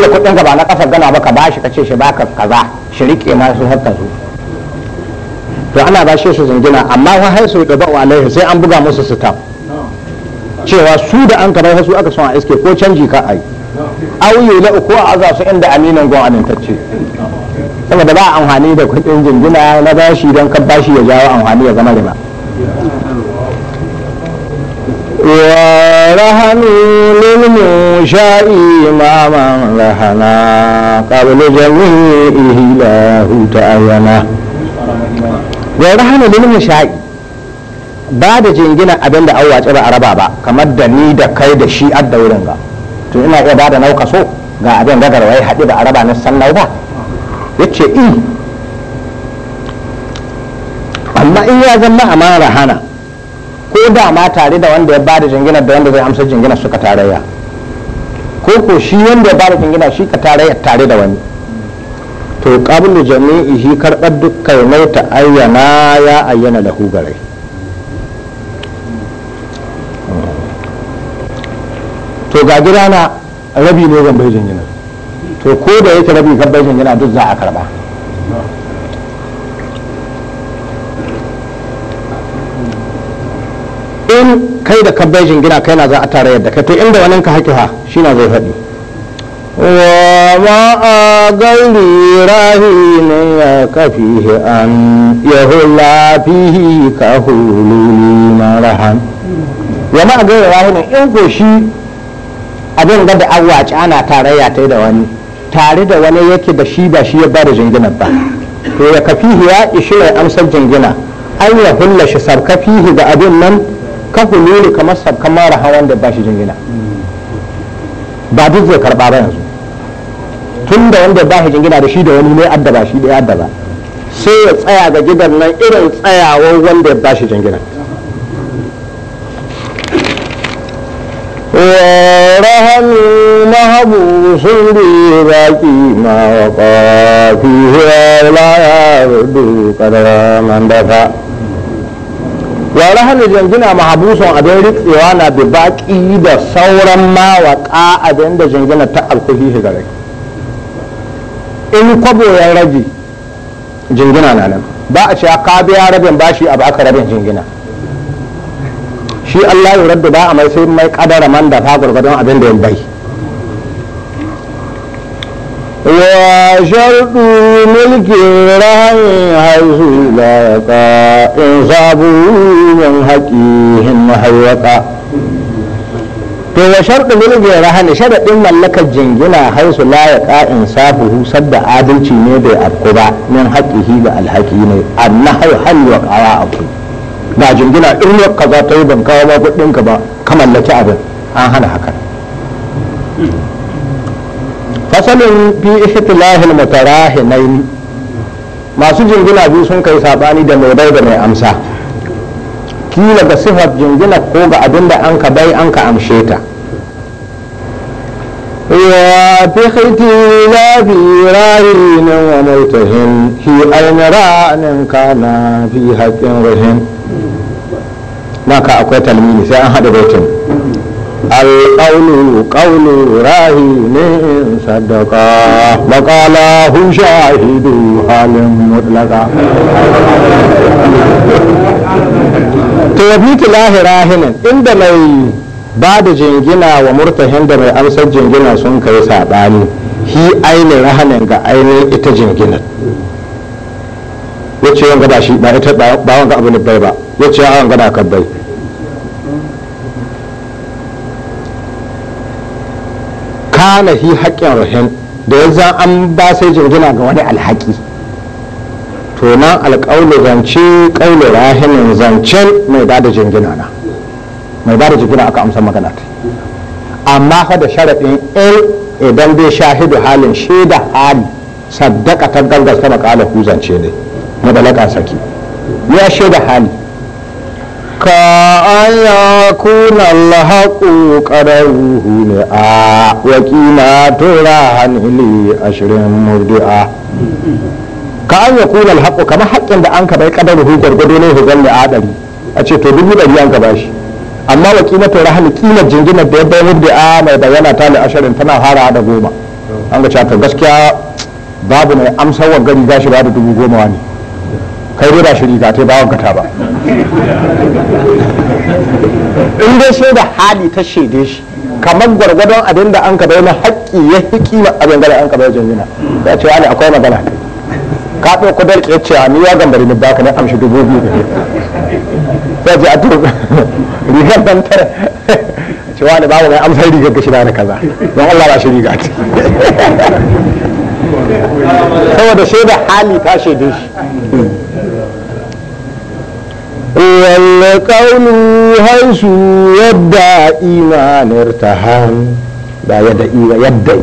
da kudin ba na kasar gana ba ka bashi ka ce shi baka kaza shi rike ma su hatta su to ana ba shi su zingina amma wa hai su da ba'u alaihi sai an buga musu sitam cewa su da an kamar su aka son a iske ko canji ka ai auye la ko a aza su inda aminin gwan amintacce saboda ba amfani da kudin jingina na bashi don ka bashi ya jawo amfani ya zama riba ورهنوا للموشاء إماما لهنا قبل جميعه له تأينا ورهن للموشاء ba da jingina abin da an wace ba a raba ba kamar da ni da kai da shi adda wurin ga to ina iya ba da nauka so ga abin da garwaye haɗu ba a raba na sannau ba ya ce amma in ya zama amara hana ko da ma tare da wanda ya ba da jingina da wanda zai amsa jingina suka tarayya ko ko shi wanda ya ba da jingina shi ka tarayya tare da wani to jami'i shi karbar dukkan mai ta ayyana ya ayyana da hugarai to ga na rabi ne zan bai jingina to ko da yake rabi kan bai jingina duk za a karba in kai da ka bai jingina kai na za a tare yadda kai to inda wani ka haƙi ha shi na zai faɗi wa ma a rahi ne ya kafi an ya hula fihi ka na rahan wa ma a rahi ne in ko shi abin ga da an ci ana tarayya ta da wani tare da wani yake da shi ba shi ya ba da jingina ba to ya kafi ya ishi mai amsar jingina an ya hulla shi sarkafihi ga abin nan ka ne kamar sabkan mara hawan da ba shi jingina ba duk zai karba ba yanzu tun da wanda ba shi jingina da shi da wani ne ba shi da ba sai ya tsaya ga gidan nan irin tsayawar wanda ya ba shi jingina ورهن محبوس بباقي ما وقع فيه لا يرد قدر من دفع wa rahanin yanzu na mahabusun abin rikewa na da baki da sauran mawaƙa abin da jingina ta alkuhi shiga rai in kwabo ya rage jingina na nan ba a ce ka biya rabin bashi a baka rabin jingina shi Allah ya raddu ba a mai sai mai kadara man da fa abin da ya bai وشرط ملك الرهن حيث لا يقع إنصابه من حقهم محوقا to wa sharɗin mulkin rahani sharaɗin mallakar jingina haisu la ya ƙa'in safuhu sadda adalci ne bai afku ba min haƙihi da alhaki ne anna hau hal wa ƙawa abu ga jingina in wa za ta yi ban kawo ba kuɗinka ba ka mallaki abin an hana hakan fasalin fi ihtilahil mutarahinaini masu jingina biyu sun kai sabani da mai bai da mai amsa kila ga sifar jingina ko ga abin da an ka bai an ka amshe ta ya fi haiti la wa mautahin fi almiranin kana fi haƙin rahin naka akwai talmini sai an haɗa baitin القول قول راهين صدقا وقاله شاهد حال مطلقا توبيت الله راهنا عند مي بعد جنجنا ومرتهن da mai amsar jingina sun kai saɓani hi ainihin rahanin ga ainihin ita jinginar wacce yawan gada shi ba ita ba wanga bai ba wacce yawan gada kabbai kana fi haƙƙin rahim da ya za an ba sai jingina ga wani alhaƙi to nan alƙaulu zance ƙaulu rahimin zancen mai ba da jingina na mai ba da jingina aka amsa magana ta amma fa da sharaɗin in idan bai shahidu halin shaida hali saddaka ta gangasta makalahu zance ne mabalaka saki ya shaida hali ka an yakuna alhaqu qadaruhu ne a qila tura ili ashirin murdi'a ka an kuna alhaqu kamar haƙƙin da an ka bai qadaruhu gurgudu ne hujjar da adari a ce to dubu ɗari an ka bashi amma wa tura turahan qila jinginar da ya bai murdi'a mai bayyana ta li ashirin tana fara da goma an ga cakar gaskiya babu mai amsar wa gari gashi ba da dubu goma ne kai dai ba shi riga ta ba wa gata ba in dai shaida hali ta shaide shi kamar gwargwadon abin da an ka bai na haƙƙi ya fi kima abin da an ka bai jingina ya ce wani akwai magana ka ɗauko kudar ke ce ni ya gambari ni baka na amshi dubu biyu da ya ce a turu rigar ban tara ce wani babu mai amsar rigar gashi na kaza don Allah ba shi riga ce saboda shaida hali ta shaide shi ولا قوله حيث يبدا ايمان ارتهان لا يدعي يدعي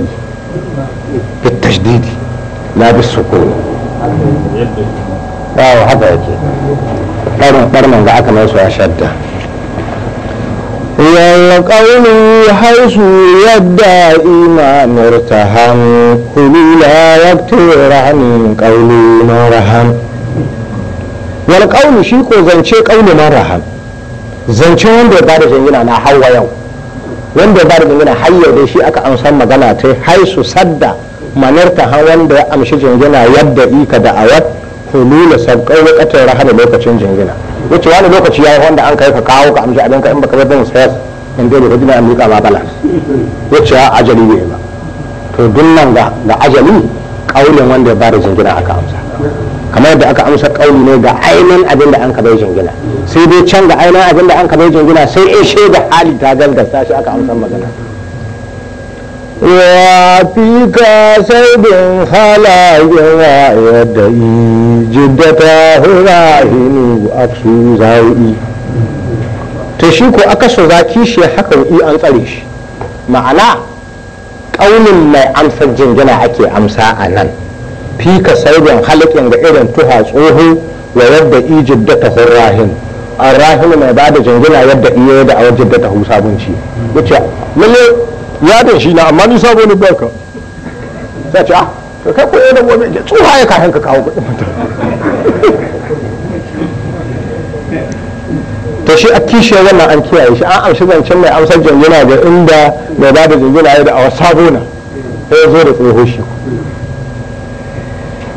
بالتشديد لا بالسكون اه هذا يجي قرن قرن ذاك ناس اشد ولا قوله حيث يبدا ايمان ارتهان قل لا يكترن قولي مرهم wal ƙaunu shi ko zance ƙaunu na raha zance wanda ya bada jangina na hawa yau wanda ya bada jangina har yau dai shi aka amsa magana ta hai su sadda manarta ha wanda ya amshi jangina yadda ika da awat hulula sabqai lokacin rahama lokacin jangina wacce wani lokaci yayi wanda an kai ka kawo ka amshi abinka in baka bar sayas in dai da dina an miƙa ba bala ya ajali ne ba to nan ga ajali ƙaunin wanda ya bada jangina aka amsa kamar da aka amsa kauli ne ga ainihin abin da an kaba jingina sai dai can ga ainihin abin da an kaba jingina sai in da hali ta gaggasta sashi aka amsa magana wa fi ka sai halayen yi jidda ta hura hini a su zawi ta shi ko aka so ki shi haka yi an tsare shi ma'ana kaunin mai amsar jingina ake amsa a nan fika ka saibin da ga irin tuha tsoho wa yadda ijib da tahun rahin a rahin mai ba da yadda iya yadda a wajen da tahu sabunci ya ce lalle ya da shi na amma ni sabo ne baka ah, ya ce ah ka kai koyo da gobe tsoha ya kayan ka kawo kuɗin ta shi a kishe wannan an kiyaye shi an amshi zancen mai amsar jingina da inda mai ba da jingina yadda a sabona na. ya zo da tsoho shi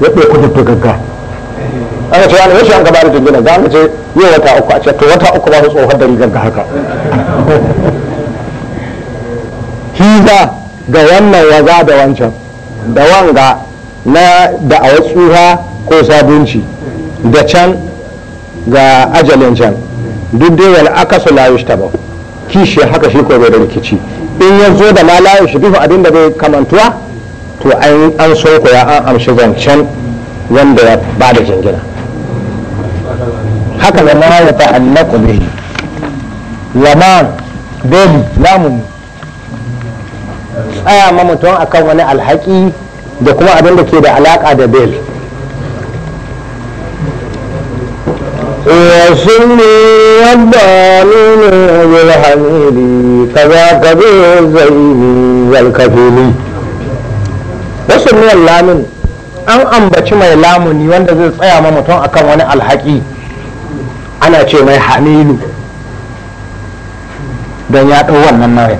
ya ɗauki gagga aka ce wani wasu an gaba da jingina za mu ce yi wata uku a ce to wata uku ba su tsohon da rigar ga haka hiza ga wannan waza da wancan da wanga na da a wasu ko sabunci da can ga ajalin can duk dai wani aka su layu ta ba kishi haka shi ko bai da rikici in ya zo da ma layu shi abin da bai kamantuwa to an so ya an amshi zancen wanda ya ba da jingina haka da mara ya ta'allaku bihi lama baby lamun tsaya ma mutum kan wani alhaki da kuma abin da ke da alaƙa da bel وصلني والضالين بالحميد كذا كبير yi والكفيلي rashin miyar lamin an ambaci mai lamuni wanda zai tsaya ma mutum akan wani alhaki ana ce mai hamilu don ya ɗau wannan nawa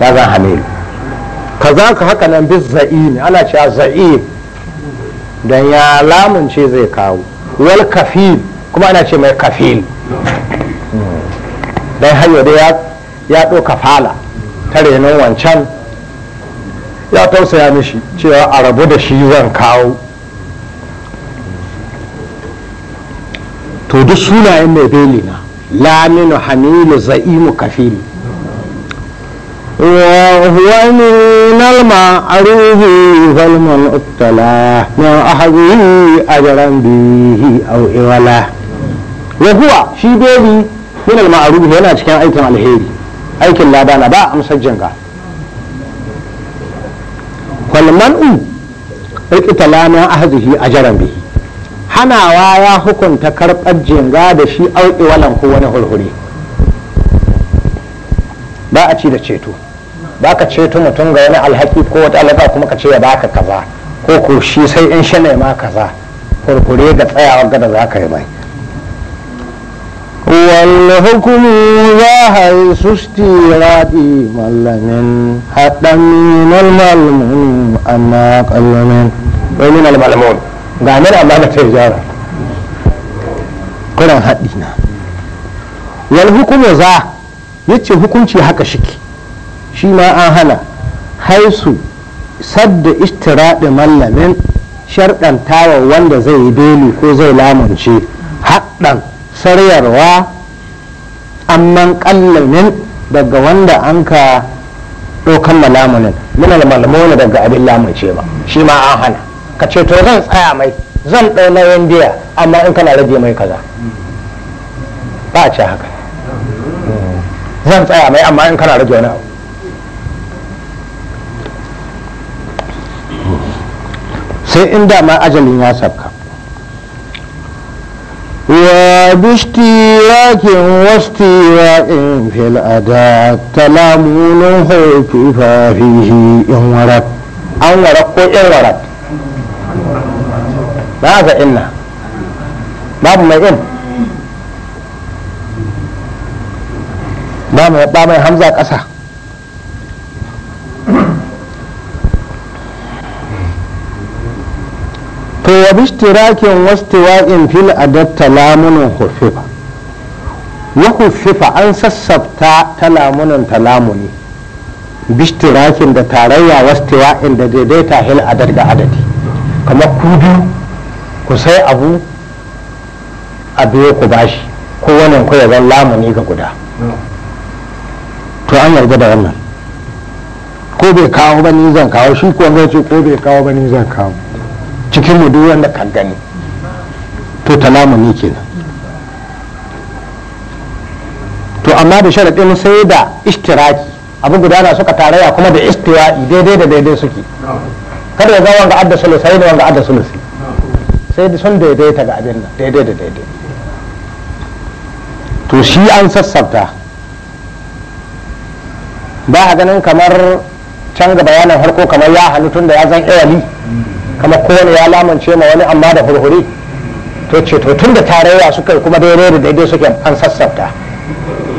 ya zan hamilu ka za ka haka nan bis ne ana a za'i don ya lamunce zai kawo wal kafil kuma ana ce mai kafil hmm. don hanyar da ya ɗauka fala ta renon wancan ya tausaya mishi cewa a rabu da shi zan kawo to duk sunayen mai beli na laminu hamilu za'imu kafiri wani nalma a ruhu zalman uttala na ahazi a jaran bihi a wala yahuwa shi beli minalma a yana cikin aikin alheri aikin lada na ba amsar jinga a hazihi a jaran bihi hanawa ya hukunta karɓar jinga da shi auki walan ko wani hulhuri ba a ci da ceto ba ka ceto mutum ga wani alhaki ko wata alaka kuma ka ce ya baka kaza ko ko shi sai in shi ma kaza kurkure ga tsayawa gada za ka yi mai والحكم ظاهر سستيراتي ملمن حتى من الملمون أما قلمن ومن الملمون قامنا أمام التجارة قرآن حدينا والحكم ظاهر yace hukunci haka shike shi ma an hana haisu sadda istiraɗi mallamin sharɗantawa wanda zai yi beli ko zai lamunce haɗɗan an amman kallinin daga wanda an ka dokan malamunin muna da malamuna daga abin lamunce ba shi ma an hana ka ce to zan tsaya mai zan ɗau nayin biya amma in kana rage mai kaza ba a ce haka zan tsaya mai amma in kana rage wani abu sai in ma ajalin ya sabka وباشتراك واشتراك في الأداء تلامون حيث ففيه إن ورد أن ورد كو إن ورد ماذا إنا باب ما إن باب ما همزة أسا to wa bishtirakin wastiwa'in fil adatta lamunan hufifa, wa hufifa an sassabta ta lamunin ta lamuni bishtirakin da tarayya wastiwa'in da daidaita hil adad ga adadi kamar ku biyu ku sai abu a biyo ku bashi ko wannan ku ya zan lamuni ga guda to an yarda da wannan ko bai kawo ba ni zan kawo shi ko ce ko bai kawo ba ni zan kawo cikin mu duk wanda ka gani to namu ne kenan to amma da sharaɗin sai da ishtiraki abu guda na suka tarayya kuma da istiwa'i daidai da daidai suke kada ya zama wanga adda sai da wanga adda sulu sai da sun daidaita ga abin nan daidai da daidai to shi an sassabta ba a ganin kamar can ga bayanan harko kamar ya halittun tun da ya zan ewali kamar kowane ya lamance ma wani amma da hurhuri to ce to tun da tarayya suka kuma daidai da daidai suke an sassafta.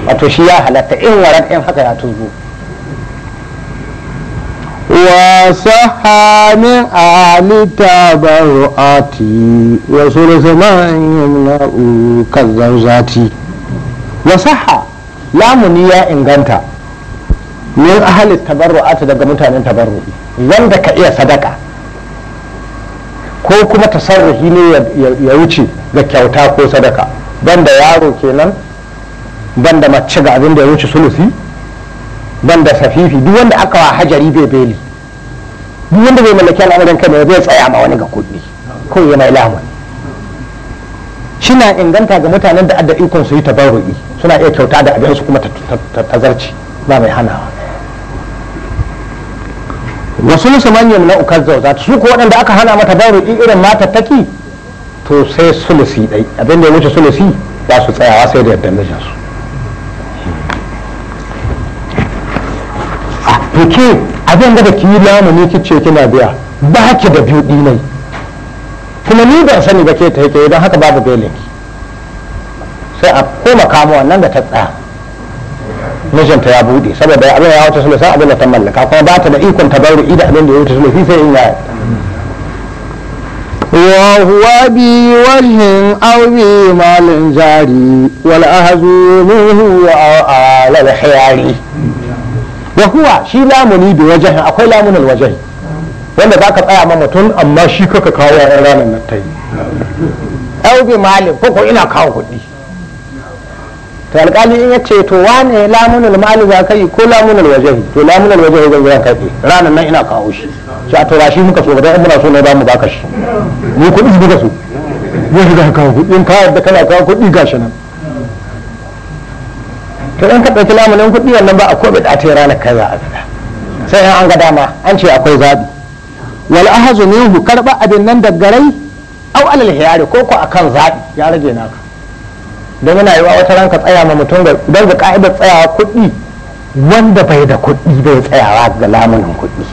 wato shi ya halatta in waran in haka ya tuzo wa sahani alita baruati wa sulusman yamna'u zati. wa saha lamuni ya inganta min ahli tabarru'ati daga mutanen tabarru'i wanda ka iya sadaka ko kuma ta sarrafi ne ya wuce ga kyauta ko sadaka banda yaro kenan banda mace ga abin da ya wuce sulusi banda safifi duk wanda aka wa hajari bai beli duk wanda bai mallaki al'amarin kai bai tsaya ma wani ga kuɗi ko yana Shi shina inganta ga mutanen da adda ikon su yi tabarru'i suna iya kyauta da abin su kuma ta zarci ba mai hanawa wasu manyan na ukar zauza su ko waɗanda aka hana mata baruki irin mata taki to sai sulusi ɗai abinda ya wuce sulusi ba su tsayawa sai da yadda mijinsu a ah, fike abin da ki yi lamuni kice kina biya ba ki da biyu ɗinai kuma ni ban sani ba ke ta yake don haka babu belinki sai a koma kamuwa nan da ta tsaya mijinta ya bude saboda abin ya wuce sulhu sai abin da ta mallaka kuma ba ta da ikon ta bari idan abin da ya wuce sulhu fi sai in ya wa huwa bi wajhin aw bi malin jari wal ahzu minhu wa ala al hayari wa huwa shi lamuni bi wajhin akwai lamun al wajhi wanda baka tsaya ma mutum amma shi kaka kawo a ranar nan tai aw malin ko ko ina kawo kuɗi to alƙali in ya ce to wane lamunul mali za ka yi ko lamunul wajahi to lamunul wajahi zan zan karɓe ranar nan ina kawo shi shi a tura shi muka so dan muna so ne za mu baka shi ni kuɗi su muka so shi shiga kawo kuɗi in ka yadda kana kawo kuɗi gashi nan to in ka ɗauki lamunan kuɗi wannan ba a ko bida ta ranar kai a bida sai in an ga dama an ce akwai zaɓi wal ahazu minhu karɓa abin nan da garai au alal hiyari ko ko akan zaɓi ya rage naka don yana yiwa wata ranka tsaya ma mutum ga don ga ka'idar tsayawa kuɗi wanda bai da kuɗi bai tsayawa ga lamunan kuɗi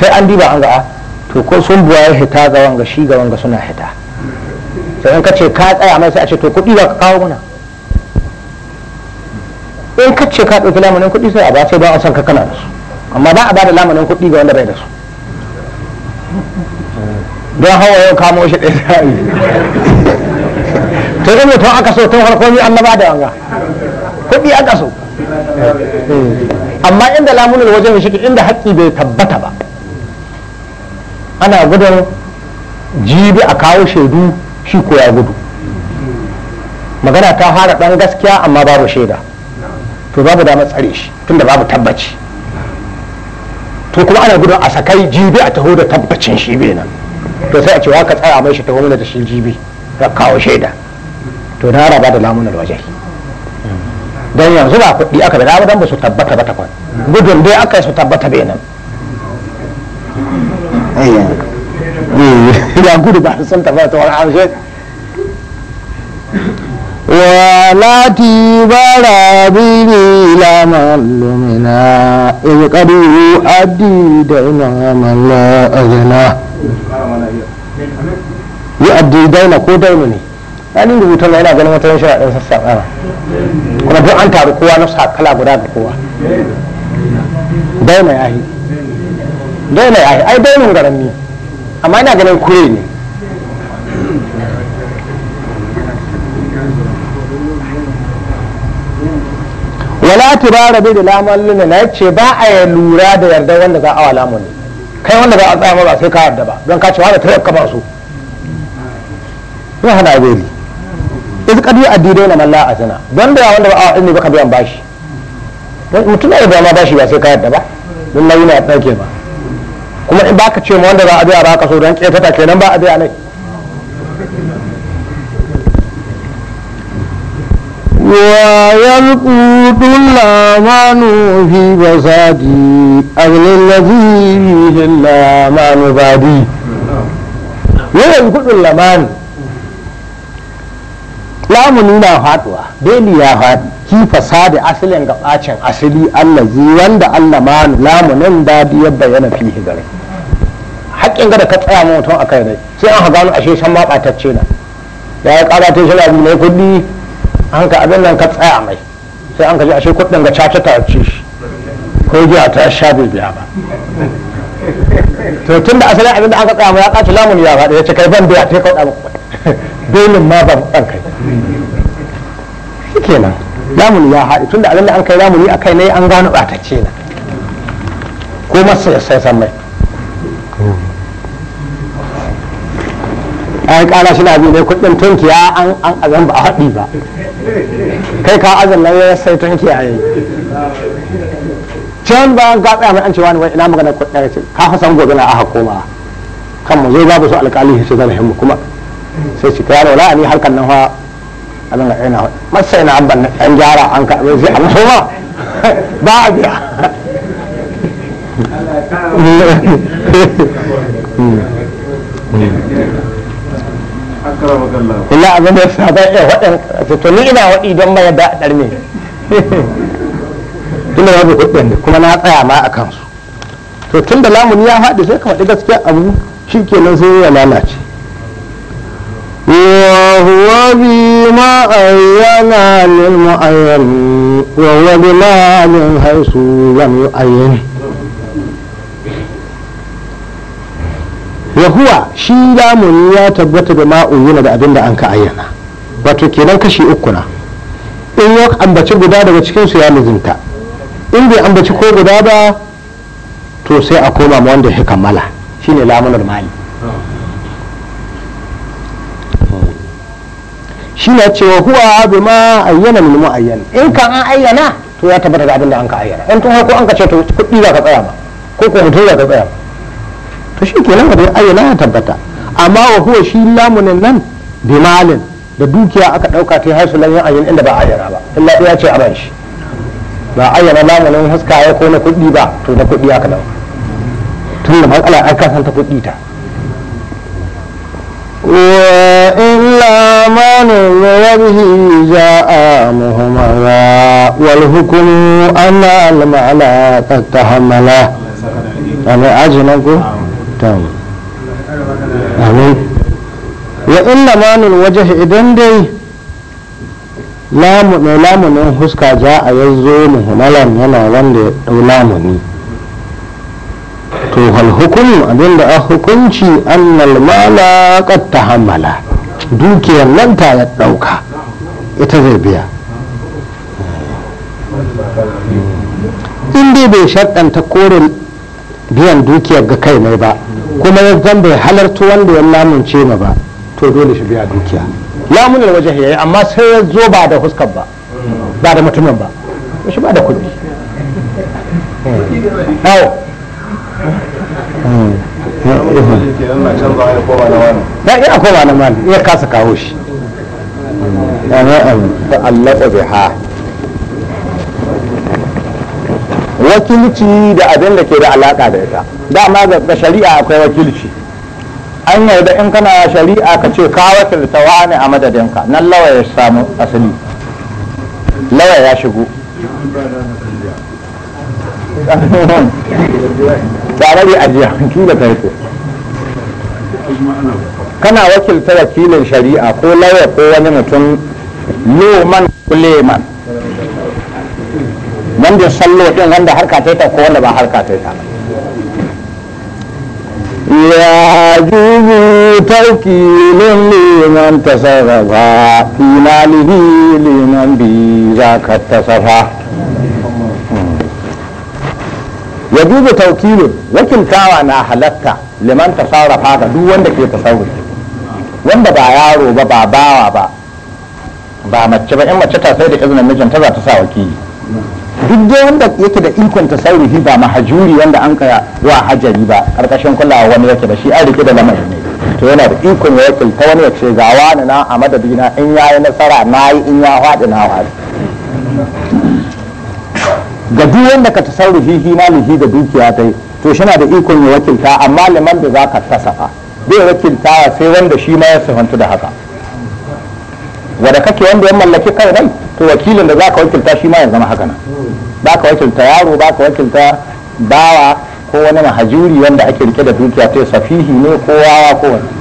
sai an diba an ga ah, to ko sun buwa ya hita ga wanga shi ga wanga suna hita sai in ka ce ka tsaya mai sai a ce to kuɗi ba ka kawo muna in ka ce ka ɗauki lamunan kuɗi sai a ba sai ba a san ka kana da su amma ba a ba da lamunan kuɗi ga wanda bai da su don hawa yau kamo shi ɗaya ta yi To aka so tun harkomi annaba da wanga kuɗi aka so amma inda lamunin wajen shi inda haƙƙi bai tabbata ba ana gudun jibi a kawo shaidu shi ko ya gudu magana ta fara ɗan gaskiya amma babu shaida to babu damar tsare shi tunda babu tabbaci to kuma ana gudun a sakai jibi a taho da tabbacin shi nan to sai a cewa ka tsaya mai shi taho mana da shi jibi ya kawo shaida to na raba da lamunan waje don yanzu ba kuɗi aka da ba don ba su tabbata ba takwas gudun dai aka su tabbata be nan ya gudu ba sun tabbata wani amshe والتي بلى به لمل منا إذ قد يؤدي دينا من لا أذنى يؤدي دينا كو دينا ne ranar na ganin wata rashin a ɗansa saɓana kuma an taru kowa na sa guda da kowa daina yahi daina yahi ai dainin garan amma ina ganin kure ne wala turara bi da lamun na yace ba a lura da yarda wanda za a wala mun kai wanda za a tsaya ba sai ka yarda ba don ka ce wanda tare ka ba su ya hada gori iz kadu addidai na malla zina don da wanda ba a wani ba ka biyan bashi mutum da ba ma bashi ba sai ka yarda ba don nayi na dauke ba kuma in baka ce ma wanda za a biya ba ka so don ketata kenan ba a biya nai ويلقوت الأمان في بساتي أغل الذي فيه الأمان بعدي ويلقوت الأمان lamuni na faduwa beli ya faɗi ki fasadi asalin ga bacin asali allazi wanda allah manu lamunin dadi ya bayyana fihi gare haƙƙin ga da ka tsaya mutum a kai ne sai an haga ashe san ma ɓatacce na ya yi ƙara ta shi ne kuɗi an ka abin nan ka tsaya mai sai an ka ji ashe kudin ga caca ta ci shi ko giya ta sha bai biya ba to tun da asali abin da an ka tsaya mai ya ƙaci lamun ya faɗi ya ce kai ban biya ta yi kwaɗa belin ma ban ɗan kai shi nan lamun ya haɗi tun da abin da an kai lamun a kai na yi an gano ce na ko masu sai san mai an kara shi na biyu kudin tunkiya an an azan ba a haɗi ba kai ka azan nan ya sai tunkiya yayi can bayan ka tsaya mai an cewa ne ina magana kudin ce ka fa san gobe na aka koma kan mu zo babu su alƙali shi zan himu kuma sai shi kai wala ni halkan nan fa anan ga ina masai na abban an gyara an ka sai an so ma ba a biya hmm. Hmm. ina abin da ya sa ba ya waɗan to ni ina waɗi don mai da ɗarme tun da babu kuɗin da kuma na tsaya ma a kansu to tun da lamuni ya haɗe sai ka faɗi gaskiya abu shi ke nan sai ya lalace وهو بما أين للمعين وهو بما من حيث لم يعين wa huwa shi lamuni ya tabbata da ma'uyuna da abinda an ka ayyana wato kenan kashi uku na in ya ambaci guda daga cikinsu ya lizinta in bai ambaci ko guda ba to sai a koma ma wanda ya kammala shine lamunar mali shi na cewa huwa abu ma ayyana min mu'ayyan in ka an ayyana to ya tabbata da abinda an ka ayyana in tun ko an ka ce to kuɗi za ka tsaya ba ko ko mutum za ka tsaya ba to shi kenan abin ayyana ya tabbata amma wa huwa shi lamunin nan malin da dukiya aka dauka ta haisu lan yin ayyana inda ba ayyana ba illa ya ce a ban shi ba ayyana lamunin haska ya ko na kuɗi ba to da kuɗi aka dauka tun da matsala an kasanta kuɗi ta وإلا من وجهه جاء مهملا والحكم أن المعنى قد تحمله أنا أجنكم kyakkyawan amin wa illa waje idan dai lamunin huska ja a yanzu muhimmalan yana wanda ya ɗau lamuni to hal hukumu abinda a hukunci annal mala ta tahammala dukiyar nan ta ya ɗauka ita zai biya in dai bai shaɗanta korin biyan dukiyar ga kai mai ba kuma ya zan bai halarta wanda ya lamunce ma ba to dole shi biya dukiya lamunar waje ya yi amma sai ya zo ba da huskar ba ba da mutumin ba shi ba da kuɗi da iya kowa na mani iya kasa kawo shi ta'allaka biha wakilci da abin da ke da alaka da ita dama ga shari'a akwai wakilci an yarda in kana shari'a ka ce ka wakilta wani a madadinka nan lawa ya samu asali lawa ya shigo tare da ajiya kila ta yake kana wakilta wakilin shari'a ko lawa ko wani mutum loman kuleman wanda sallo din wanda harka ta ko wanda ba harka ta Ya يعجز توكيل لمن تصرفا في ماله لمن بذاك اتصفا يجوز توكيل wakiltawa na halatta liman tasarrafa ga duk wanda ke tasarrufi wanda ba yaro ba ba bawa ba ba mace ba in mace ta sai da izinin mijinta za ta sa wakili duk dai wanda yake da ikon tasarrufi ba mahajuri wanda an kaya wa hajari ba karkashin kulawa wani yake da shi an rike da lamarin ne to yana da ikon ya wakilta wani yace ga wani na a madadina in ya yi nasara na yi in ya haɗi na haɗi ga duk wanda ka tasarrufi lihi da dukiya ta to shi na da ikon ya wakilta amma liman da za ka tasafa bai wakilta sai wanda shi ma ya sifantu da haka wanda kake wanda ya mallaki kai rai to wakilin da za ka wakilta shi ma ya zama haka nan ba hmm. ka wakilta yaro ba ka wakilta bawa ko wani mahajuri wanda ake rike da dukiya ta safihi ne ko wawa ko wani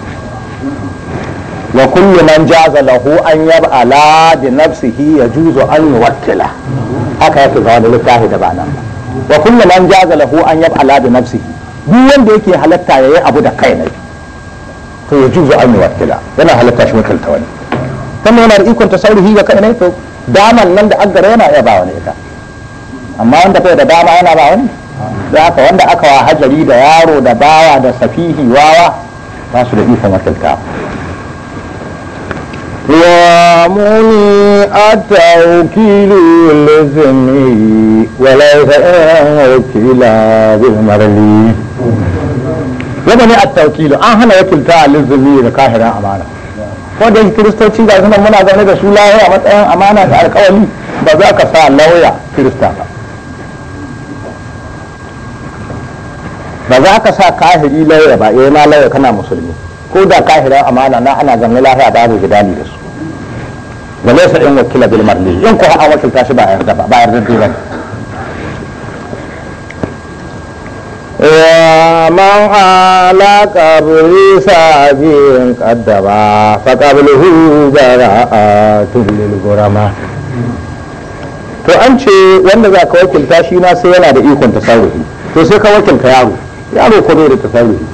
wa kullu man jaza lahu an yab'ala bi nafsihi yajuzu an yuwakkila haka yake zama da littafi da ba nan wa kullu man jaza lahu an yab'ala bi nafsihi duk wanda yake halatta yayi abu da kai ne to yajuzu an yuwakkila yana halatta shi wakilta wani sannan yana da ikon tasarrufi ga kai ne to daman nan da aggara yana iya ba wani ita amma wanda bai da dama yana ba wani ya ka wanda aka wa hajari da yaro da bawa da safihi wawa ba su da ifa matalka wa muni a taukili lizini walau ta irin wakila bil marali yaba ne a taukilo an hana wakilta lizini da kahiran amana wanda yake kiristoci ga sunan muna zaune da su a matsayin amana da alkawali ba za ka sa lauya kirista ba ba za ka sa kahiri lauya ba yayi eh, ma lauya kana musulmi ko da kahiran amana na ana zaune lahiya gida ne da su ba laisa in wakila bil marli in ko an wakilta shi ba yarda ba ba yarda ba ومن على قبر ساجين قدما فقبله براءة للغرماء to an ce wanda za ka wakilta shi na sai yana da ikon tasarrufi to sai ka wakilta yaro yaro ko bai da tasarrufi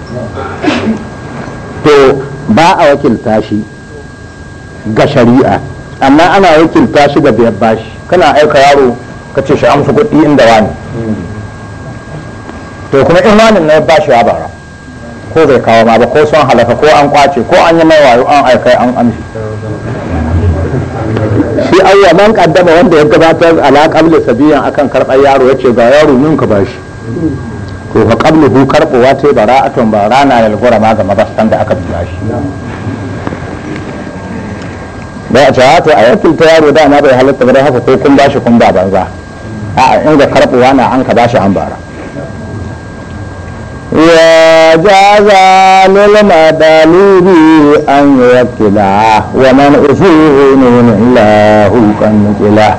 to ba a wakilta shi ga shari'a amma ana wakilta shi ga biyar bashi kana aika yaro ka ce shi amsa kuɗi inda wani to kuma in wani na ba shi bara ko zai kawo ma ba ko sun halaka ko an kwace ko an yi mai wayo an aikai an amshi shi awwa man kaddama wanda ya gabatar ala qabla sabiyan akan karɓar yaro yace ga yaro nun ka bashi to fa qabluhu bu ta bara'atun ba ba rana ya lura ma ga mabastan da aka biya shi ba a cewa ah, to a yankin ta yaro dama bai halatta ba haka ko kun bashi kun ba banza a'a inda ga karbuwa na an ka bashi an bara وجاز للمدلول أن يوكلا ومن أفيه من الله كان مكلا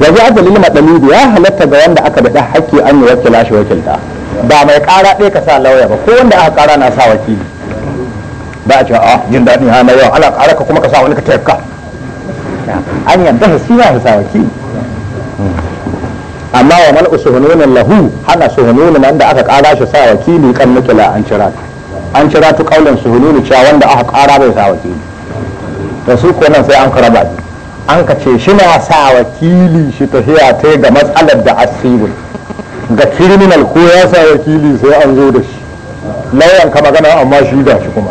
وجاز للمدلول يا هل تجوان دعك بتحكي أن يوكلا شو كلتا ba mai ƙara ɗaya ka sa lauya ba ko wanda aka ƙara na sa wakili ba a cewa ah jin daɗi ha na yau ka kuma ka sa wani ka an yadda ya sa wakili amma wa man usuhununa lahu hana suhununa nan da aka kara shi sa wakili kan nukila an cira an cira tu kaulan suhununa cewa wanda aka kara bai sa wakili da su ko nan sai an karaba shi an ka shi na sa wakili shi tafiya ta ga matsalar da asibin ga criminal ko ya sa wakili sai an zo da shi lauyan ka magana amma shi da shi kuma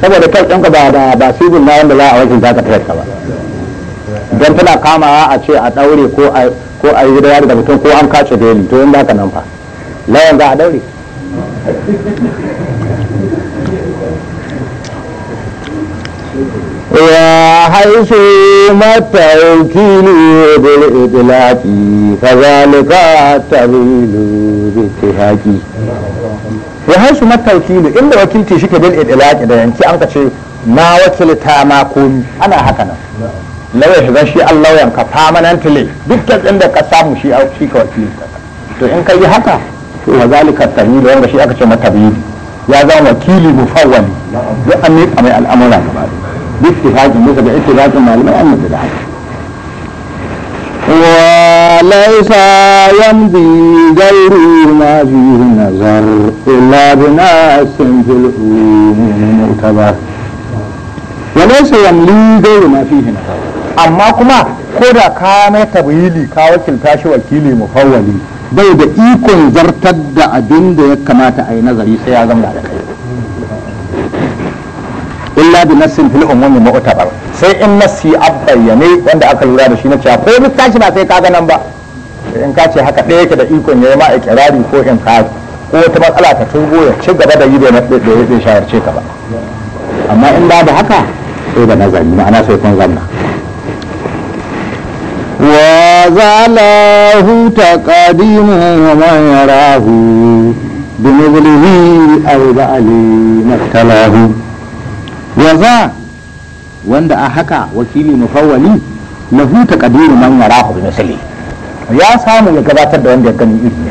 saboda kai ɗanka ba da ba sibin na wanda za a wajen za ka tarar ba don tana kamawa a ce a ɗaure ko a ko a yi daga mutum ko an kace beli to yin baka nan fa lawan za a ɗaure وحيث ما التوكيل بالإطلاق فذلك التبيل باتهاكي wa haisu ne inda wakilci ka bil idlaq da yanki an ka ce na wakilta ma komi ana haka nan lawai zan shi Allah ka permanently dukkan inda ka samu shi shi ka wakilta to in kai haka to wa zalika da wanda shi aka ce matabiyil ya zama wakili mufawwali da an ne mai al'amura gaba da bi ittifaqin ga ittifaqin malamai annabi da ليس يمضي غير ما فيه نظر إلا بناس في الأولين معتبر وليس يمضي غير ما فيه نظر amma kuma ko da ka mai tabili ka wakilta shi wakili mufawwali bai da ikon zartar da abin da ya kamata a yi nazari sai ya zama da bi nassin fil umumi mu'tabar sai in nassi abbayyane wanda aka lura da shi na cewa ko littafi ba sai ka ga nan ba in ka ce haka ɗaya yake da ikon ya yi ma ikirari ko in ka ko wata matsala ta turbo ya ci gaba da yi da ya bai shayarce ka ba amma in ba da haka sai da nazari ma'ana sai kun zanna وزاله تقديم ومن يراه بمثله أو ba'ali ما wa wanda a haka wakili na huta taqdiru man yarahu bi misali ya samu ya gabatar da wanda ya gani iri ne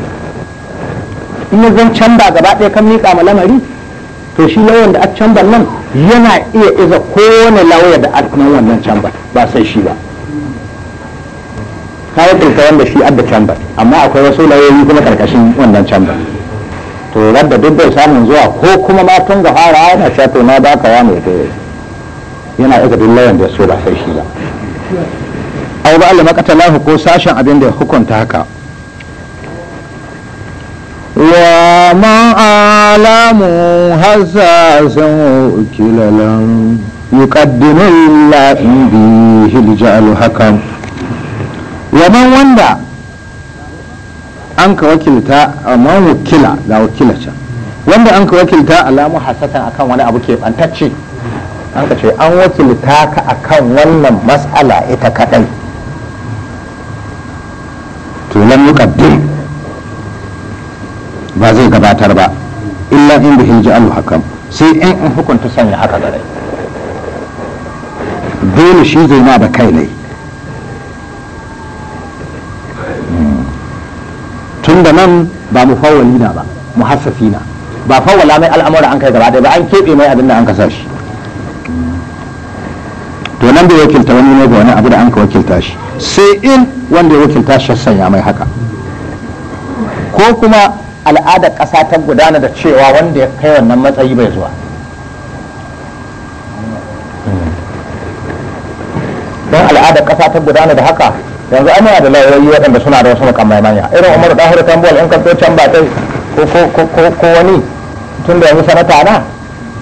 in ya zan canza gaba ɗaya kan miƙa ma lamari to shi lauyan da a canza nan yana iya iza kowane lauya da a wannan can ba sai shi ba ka yi wanda shi adda canza amma akwai wasu lauyoyi kuma karkashin wannan canza to da duk samun zuwa ko kuma ma tun ga fara yana sha to na ba ka wani yana iya duk lawan da so ba sai shi ba au ba alama ko sashen abin da hukunta haka wa ma alamu hasasan kilalan yuqaddimu la in hilja hijalu hakam wa man wanda an ka wakilta amma wakila ga wakila can wanda an ka wakilta alamu hasatan akan wani abu keɓantacce an ka ce an wakilta ka akan wannan matsala ita kaɗai tunan lam yuqaddim ba zai gabatar ba illa in hinji allu hakan sai in in hukunta sanya haka gare dole shi zai ma da kai ne da nan ba mu na ba mu na ba fawwala mai al'amura an kai gaba ɗaya ba an keɓe mai abin da an kasa shi to nan bai wakilta wani ne ga wani abu da an ka wakilta shi sai in wanda ya wakilta shi sanya mai haka ko kuma al'adar ƙasa ta gudana da cewa wanda ya kai wannan matsayi bai zuwa don al'adar ƙasa ta gudana da haka yanzu an yana da lauyoyi waɗanda suna da wasu makamai manya irin umaru ɗahuru tambuwal in kanto can ba kai ko wani tun da yanzu sanata na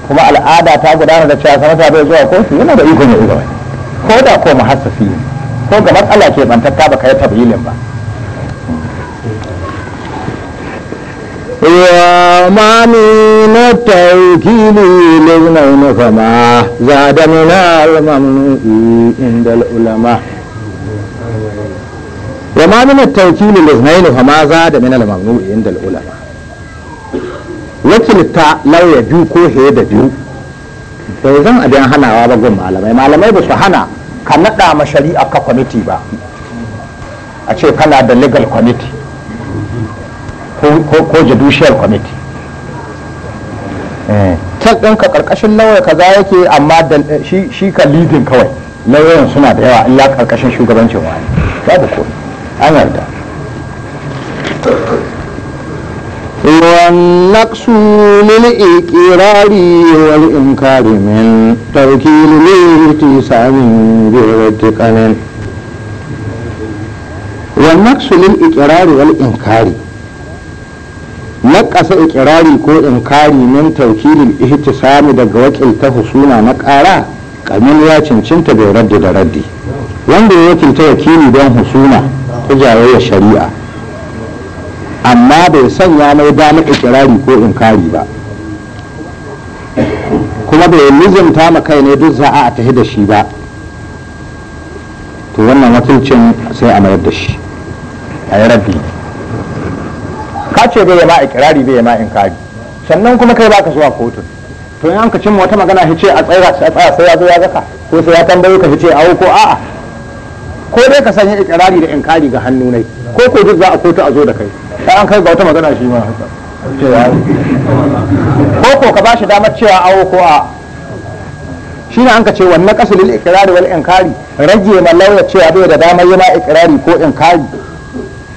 kuma al'ada ta gudana da cewa sanata bai zuwa kotu yana da ikon ya yi gabai ko da ko muhassasi ko ga matsala ke bantakka ba ka yi tabayilin ba وما من التوكيل لابنين فما زاد من الممنوع عند العلماء wa ma min at-tawkil al-ithnayn fa ma zada min al-mamnu' inda al-ulama law ya biyu ko he da biyu bai zan a dan hanawa ba gun malamai malamai ba su hana ka naɗa ma shari'a ka committee ba a ce kana da legal committee ko judicial committee eh, can ɗinka ƙarƙashin lauya kaza yake amma shi shi ka leading kawai lauyoyin suna da yawa illa ƙarƙashin shugabancin wani babu ko. amarda naqsu min iƙirari wal inkari min taukili ne wuce samin biyarwata kanin naqsu min iƙirari wal inkari naƙasa iƙirari ko inkari min taukilin ihtisami daga wakilta suna na ƙara kamin ya cancanta bai raddi da raddi wanda ya wakilta wakili don husuma ta jayayyar shari'a amma bai sanya mai dama ikirari ko inkari ba kuma bai nizamta ma kai ne duk za a tafi da shi ba to wannan wakilcin sai a mayar da shi a yi rabbi ka ce bai ma ikirari bai ma inkari sannan kuma kai baka zuwa kotun to in an ka cimma wata magana shi ce a tsaya a tsaya sai ya zo ya zaka ko sai ya tambaye ka shi ce awo ko a'a ko dai ka sanya ikirari da inkari ga hannu nai ko ko duk za a kotu a zo da kai sai an kai ga wata magana shi ma haka ko ko ka bashi damar cewa awo ko a'a shi ne an ka ce wannan kasu lil ikirari wal inkari rage ma lauya cewa bai da damar yana ikirari ko inkari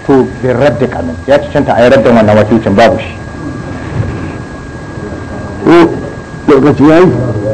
to bi radda kamin ya cancanta a yi raddin wannan wakilcin babu shi được cái gì? ấy